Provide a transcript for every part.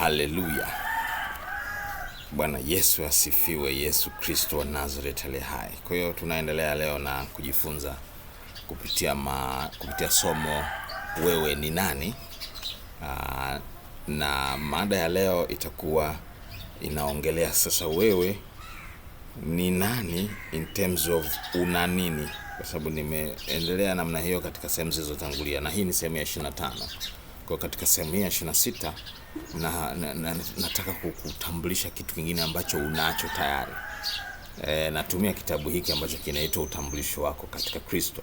Haleluya! Bwana Yesu asifiwe. Yesu Kristo wa Nazareth ale hai. Kwa hiyo tunaendelea leo na kujifunza kupitia ma, kupitia somo wewe ni nani? Aa, ah, na mada ya leo itakuwa inaongelea sasa wewe ni nani in terms of una nini, kwa sababu nimeendelea namna hiyo katika sehemu zilizotangulia, na hii ni sehemu ya 25 kwa katika sehemu ya 26 na, na, na, nataka kukutambulisha kitu kingine ambacho unacho tayari. E, natumia kitabu hiki ambacho kinaitwa utambulisho wako katika Kristo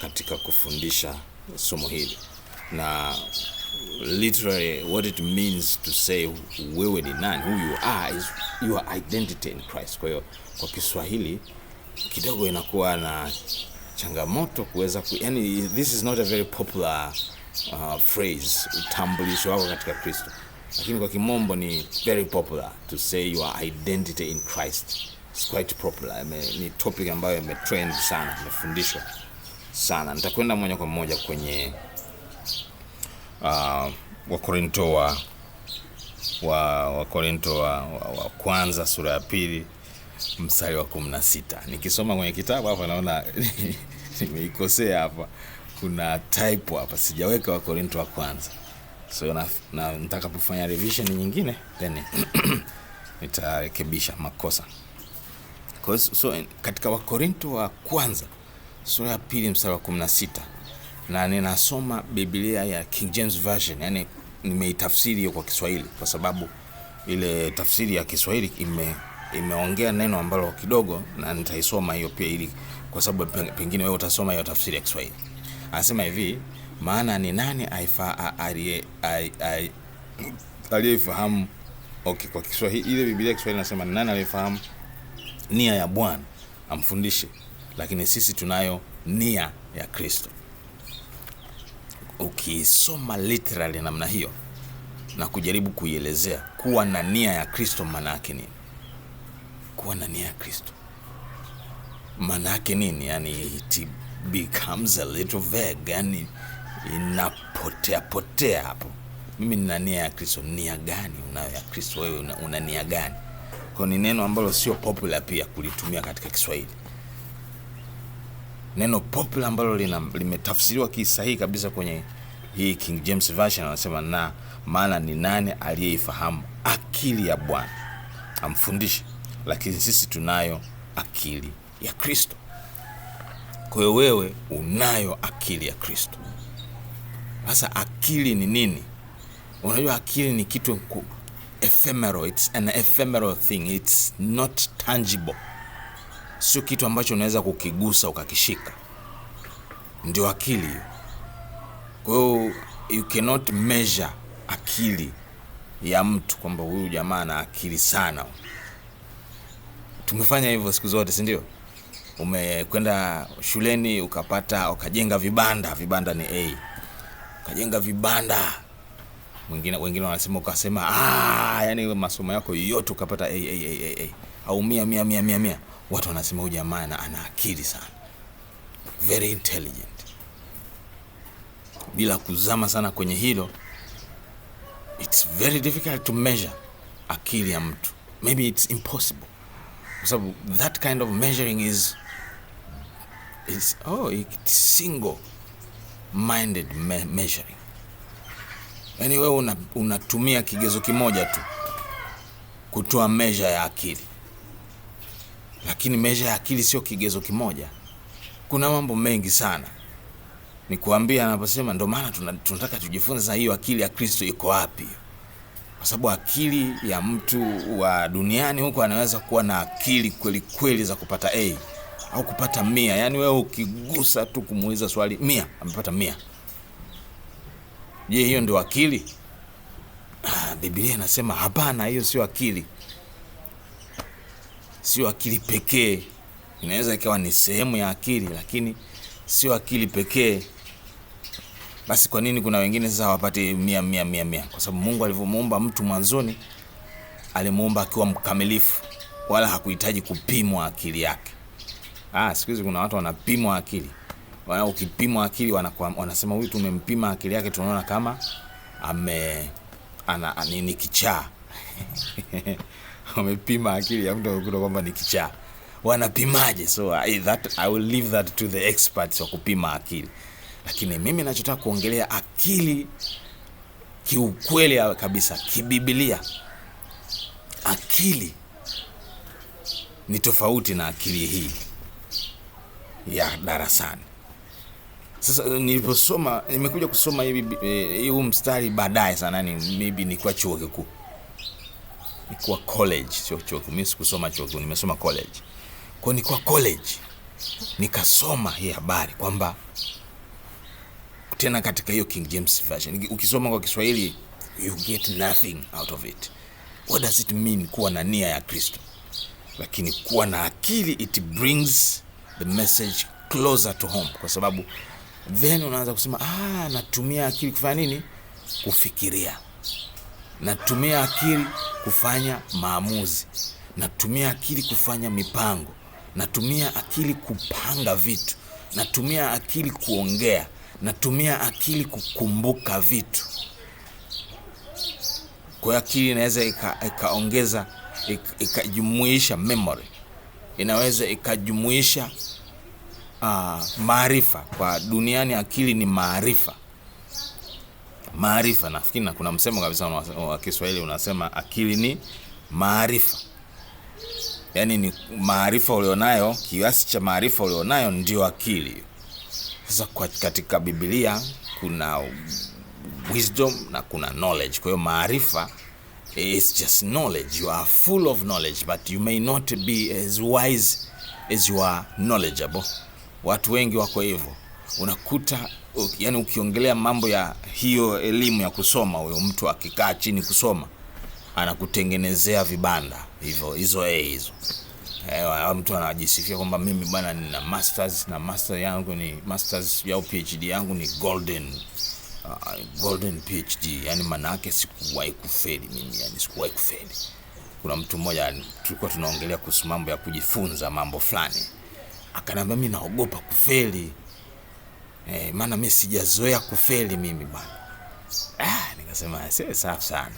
katika kufundisha somo hili na literally what it means to say wewe ni nani, who you are is your identity in Christ. Kwa hiyo kwa Kiswahili kidogo inakuwa na changamoto kuweza ku, yani, this is not a very popular uh, phrase utambulisho wako katika Kristo, lakini kwa kimombo ni very popular to say your identity in Christ. It's quite popular. I mean, Ni topic ambayo imetrend sana, imefundishwa sana. Nitakwenda moja kwa moja kwenye uh, Wakorinto wa wa Wakorinto wa, wa, wa kwanza sura ya pili mstari wa 16. Nikisoma kwenye kitabu hapa naona nimeikosea hapa kuna typo hapa, sijaweka Wakorintho wa kwanza. So na, na nitakapofanya revision nyingine then nitarekebisha makosa. Kwa so katika Wakorintho wa kwanza sura ya pili mstari wa 16 na ninasoma Biblia ya King James Version, yani nimeitafsiri hiyo kwa Kiswahili kwa sababu ile tafsiri ya Kiswahili ime imeongea neno ambalo kidogo, na nitaisoma hiyo pia, ili kwa sababu pengine wewe utasoma hiyo tafsiri ya Kiswahili. Anasema hivi, maana ni nani aliyeifahamu? Okay, kwa Kiswahili ile Biblia ya Kiswahili inasema ni nani aliyefahamu nia ya Bwana amfundishe, lakini sisi tunayo nia ya Kristo. Ukisoma literally namna hiyo na kujaribu kuielezea, kuwa na nia ya Kristo maana yake nini? Kuwa na nia ya Kristo maana yake nini? Yani, becomes a little vague, yani inapotea potea hapo. Mimi nina nia ya Kristo. Nia gani unayo ya Kristo? Wewe una, una nia gani? Kwa ni neno ambalo sio popular pia kulitumia katika Kiswahili, neno popular ambalo limetafsiriwa kisahihi kabisa kwenye hii King James Version, anasema na maana ni nani aliyeifahamu akili ya Bwana amfundishe? Lakini sisi tunayo akili ya Kristo. Kwa hiyo wewe unayo akili ya Kristo. Sasa akili ni nini? Unajua, akili ni kitu ku, ephemeral. It's an ephemeral thing. It's not tangible, sio kitu ambacho unaweza kukigusa ukakishika. Ndio akili hiyo. Kwa hiyo you cannot measure akili ya mtu kwamba huyu jamaa ana akili sana. Tumefanya hivyo siku zote, si ndio? umekwenda shuleni ukapata ukajenga vibanda, vibanda ni A, ukajenga vibanda mwingine, wengine wanasema ukasema, ah, yani masomo yako yote ukapata A, A, A, A, A. au mia mia mia mia mia, watu wanasema huyu jamaa ana, ana akili sana, very intelligent. Bila kuzama sana kwenye hilo, it's very difficult to measure akili ya mtu, maybe it's impossible kwa sababu that kind of measuring is is oh, it's single minded me measuring. yani wewe una, unatumia kigezo kimoja tu kutoa measure ya akili, lakini measure ya akili sio kigezo kimoja. Kuna mambo mengi sana nikuambia, anaposema ndio maana tunataka tujifunze sasa, hiyo akili ya Kristo iko wapi? Kwa sababu akili ya mtu wa duniani huko anaweza kuwa na akili kweli kweli za kupata A hey, au kupata mia. Yaani wewe ukigusa tu kumuuliza swali mia, amepata mia. Je, hiyo ndio akili? Ah, Biblia inasema hapana, hiyo sio akili. Sio akili pekee, inaweza ikawa ni sehemu ya akili, lakini sio akili pekee. Basi kwa nini kuna wengine sasa hawapati mia mia mia mia? Kwa sababu Mungu alivyomuumba mtu mwanzoni alimuumba akiwa mkamilifu, wala hakuhitaji kupimwa akili yake. Ah, siku hizi kuna watu wanapimwa akili wana, ukipimwa akili wanakuwa, wanasema huyu tumempima akili yake tunaona kama ame ana, ana, ni kichaa wamepima akili ya mtu wamekuta kwamba ni kichaa. Wanapimaje? So I, that, I will leave that to the experts wa kupima akili, lakini mimi nachotaka kuongelea akili kiukweli kabisa kibibilia, akili ni tofauti na akili hii ya darasani. Sasa eh, niliposoma nimekuja kusoma hivi eh, huu mstari baadaye sana, ni maybe nilikuwa chuo kikuu, nilikuwa college, sio chuo kikuu. Mimi sikusoma chuo kikuu, nimesoma college. Kwa nilikuwa college nikasoma hii habari kwamba tena katika hiyo King James version, ukisoma kwa Kiswahili you get nothing out of it. What does it mean kuwa na nia ya Kristo, lakini kuwa na akili it brings the message closer to home, kwa sababu then unaanza kusema ah, natumia akili kufanya nini? Kufikiria, natumia akili kufanya maamuzi, natumia akili kufanya mipango, natumia akili kupanga vitu, natumia akili kuongea, natumia akili kukumbuka vitu. Kwa akili inaweza ikaongeza, ikajumuisha memory, inaweza ikajumuisha uh, maarifa kwa duniani akili ni maarifa maarifa nafikiri na kuna msemo kabisa wa Kiswahili unasema akili ni maarifa yaani ni maarifa ulionayo kiasi cha maarifa ulionayo ndio akili sasa kwa katika Biblia kuna wisdom na kuna knowledge. Kwa hiyo maarifa is just knowledge. You are full of knowledge but you may not be as wise as you are knowledgeable. Watu wengi wako hivyo, unakuta yani, ukiongelea mambo ya hiyo elimu ya kusoma, huyo mtu akikaa chini kusoma anakutengenezea vibanda hivyo, hizo e hizo Ewa, eh, mtu anajisifia kwamba mimi bwana nina masters na master yangu ni masters au PhD yangu ni golden uh, golden PhD. Yani maana sikuwahi kufeli mimi, yani sikuwahi kufeli. Kuna mtu mmoja tulikuwa tunaongelea kuhusu mambo ya kujifunza mambo fulani akanambia mimi naogopa kufeli eh, maana mimi sijazoea kufeli mimi bwana. Ah, nikasema sasa safi sana.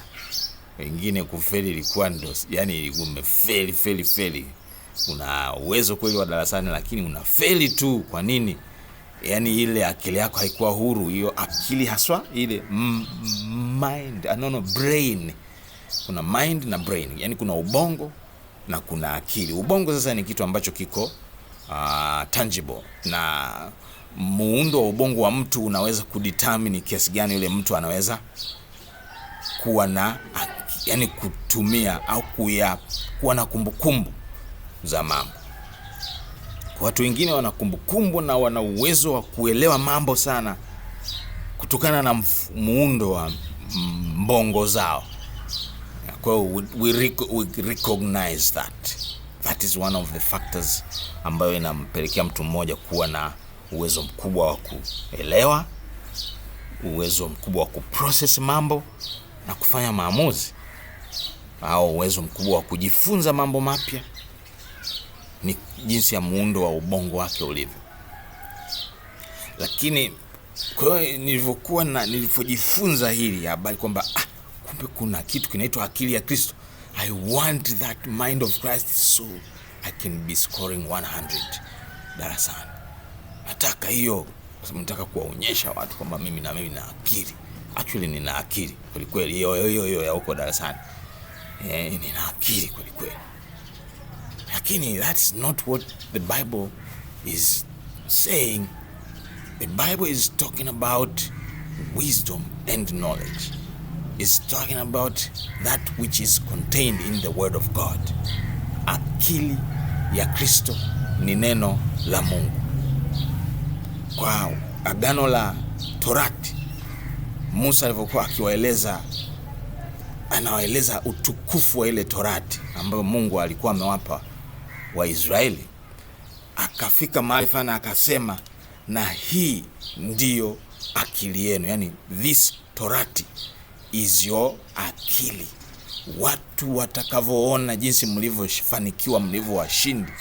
Wengine kufeli ilikuwa ndo yani, umefeli feli feli, una uwezo kweli wa darasani, lakini una feli tu. Kwa nini? Yani ile akili yako haikuwa huru, hiyo akili haswa ile mind, ah, no no, brain. Kuna mind na brain, yani kuna ubongo na kuna akili. Ubongo sasa ni kitu ambacho kiko uh, tangible na muundo wa ubongo wa mtu unaweza kudetermine kiasi gani yule mtu anaweza kuwa na yani kutumia au kuya, kuwa na kumbukumbu za mambo. Kwa watu wengine wana kumbukumbu na wana uwezo wa kuelewa mambo sana kutokana na muundo wa mbongo zao. Kwa we, we, we recognize that that is one of the factors ambayo inampelekea mtu mmoja kuwa na uwezo mkubwa wa kuelewa, uwezo mkubwa wa kuprocess mambo na kufanya maamuzi, au uwezo mkubwa wa kujifunza mambo mapya. Ni jinsi ya muundo wa ubongo wake ulivyo. Lakini kwa hiyo nilivyokuwa na nilivyojifunza hili habari kwamba ah, kumbe kuna kitu kinaitwa akili ya Kristo I want that mind of Christ so I can be scoring 100 darasani. Nataka hiyo kwa sababu nataka kuwaonyesha watu kwamba mimi na mimi na akili. Actually nina akili kweli kweli, hiyo hiyo hiyo ya huko darasani. Eh, nina akili kweli kweli. Lakini that's not what the Bible is saying. The Bible is talking about wisdom and knowledge is talking about that which is contained in the word of God. Akili ya Kristo ni neno la Mungu. Kwa agano la Torati, Musa alivyokuwa akiwaeleza, anawaeleza utukufu wa ile Torati ambayo Mungu alikuwa amewapa Waisraeli, akafika mahali fana akasema, na hii ndiyo akili yenu, yani this Torati is your akili, watu watakavyoona jinsi mlivyofanikiwa, mlivyowashindi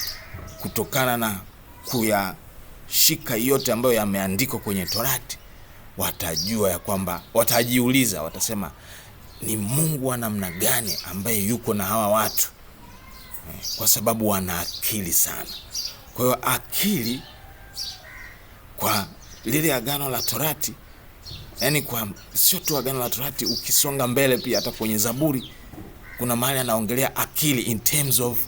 kutokana na kuyashika yote ambayo yameandikwa kwenye Torati, watajua ya kwamba, watajiuliza, watasema ni Mungu wa namna gani ambaye yuko na hawa watu, eh, kwa sababu wana akili sana. Kwa hiyo akili kwa lile agano la Torati yani kwa sio tu agano la Torati, ukisonga mbele pia hata kwenye Zaburi kuna mahali anaongelea akili in terms of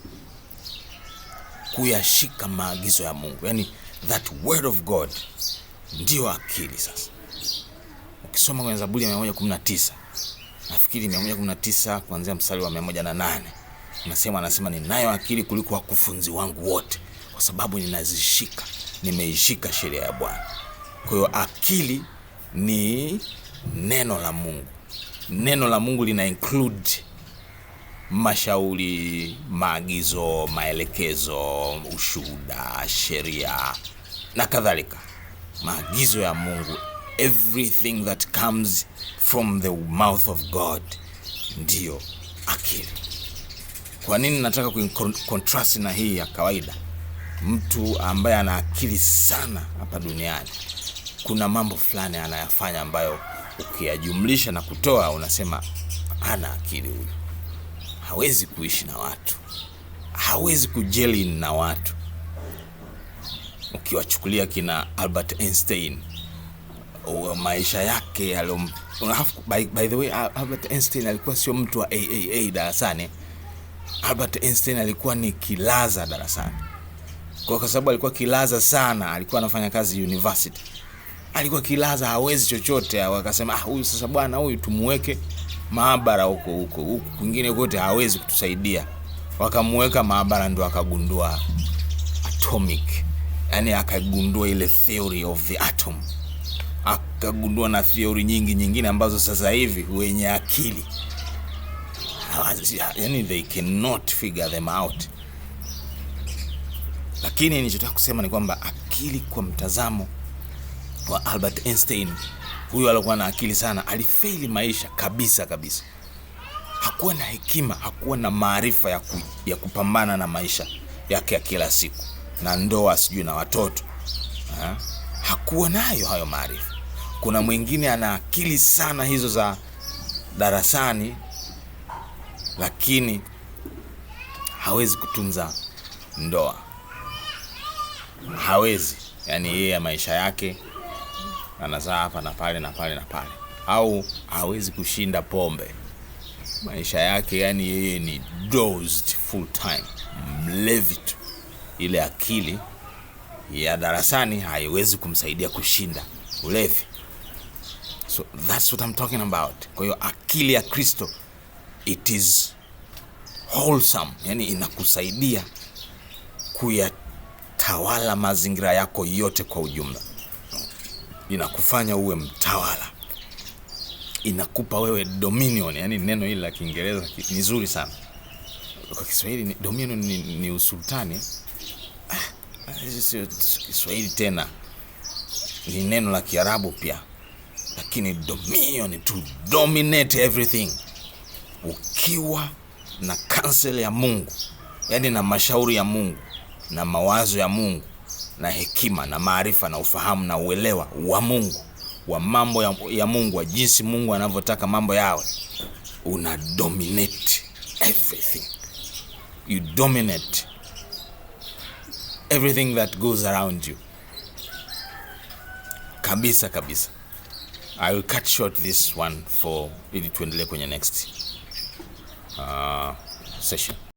kuyashika maagizo ya Mungu, yani that word of God ndio akili. Sasa ukisoma kwenye Zaburi ya 119 nafikiri 119 kuanzia mstari wa 108 nasema anasema ninayo akili kuliko wakufunzi wangu wote, kwa sababu ninazishika, nimeishika sheria ya Bwana. Kwa hiyo akili ni neno la Mungu. Neno la Mungu lina include mashauri, maagizo, maelekezo, ushuhuda, sheria na kadhalika. Maagizo ya Mungu, everything that comes from the mouth of God ndiyo akili. Kwa nini nataka kuinkontrast na hii ya kawaida? Mtu ambaye ana akili sana hapa duniani kuna mambo fulani anayafanya ambayo ukiyajumlisha na kutoa unasema ana akili huyu, hawezi kuishi na watu, hawezi kujeli na watu. Ukiwachukulia kina Albert Einstein maisha yake yalo, by, by the way Albert Einstein alikuwa sio mtu wa aaa darasani. Albert Einstein alikuwa ni kilaza darasani, kwa sababu alikuwa kilaza sana, alikuwa anafanya kazi university alikuwa kilaza, hawezi chochote. Wakasema ah, huyu sasa bwana huyu tumuweke maabara huko huko huko kwingine kote hawezi kutusaidia. Wakamuweka maabara, ndo akagundua atomic, yani akagundua ile theory of the atom, akagundua na theory nyingi nyingine ambazo sasa hivi wenye akili yani they cannot figure them out. Lakini nilichotaka kusema ni kwamba akili kwa mtazamo wa Albert Einstein. Huyu alikuwa na akili sana, alifeli maisha kabisa kabisa. Hakuwa na hekima, hakuwa na maarifa ya, ku, ya kupambana na maisha yake ya kila siku na ndoa, sijui na watoto ha? Hakuwa nayo hayo maarifa. Kuna mwingine ana akili sana hizo za darasani, lakini hawezi kutunza ndoa, hawezi. Yani yeye ya maisha yake anazaa hapa na pale na pale na pale, au hawezi kushinda pombe maisha yake, yani yeye ni dosed full time, mlevi tu. Ile akili ya darasani haiwezi kumsaidia kushinda ulevi. So that's what I'm talking about. Kwa hiyo akili ya Kristo it is wholesome, yani inakusaidia kuyatawala mazingira yako yote kwa ujumla inakufanya uwe mtawala, inakupa wewe dominion. Yani neno hili la Kiingereza ni zuri sana kwa Kiswahili ni, dominion ni, ni usultani. Ah, sio Kiswahili tena, ni neno la Kiarabu pia, lakini dominion, to dominate everything. Ukiwa na kansel ya Mungu, yani na mashauri ya Mungu na mawazo ya Mungu na hekima na maarifa na ufahamu na uelewa wa Mungu wa mambo ya, ya Mungu wa jinsi Mungu anavyotaka mambo yawe, una dominate everything. You dominate everything that goes around you kabisa kabisa. I will cut short this one for ili tuendelee kwenye next uh, session.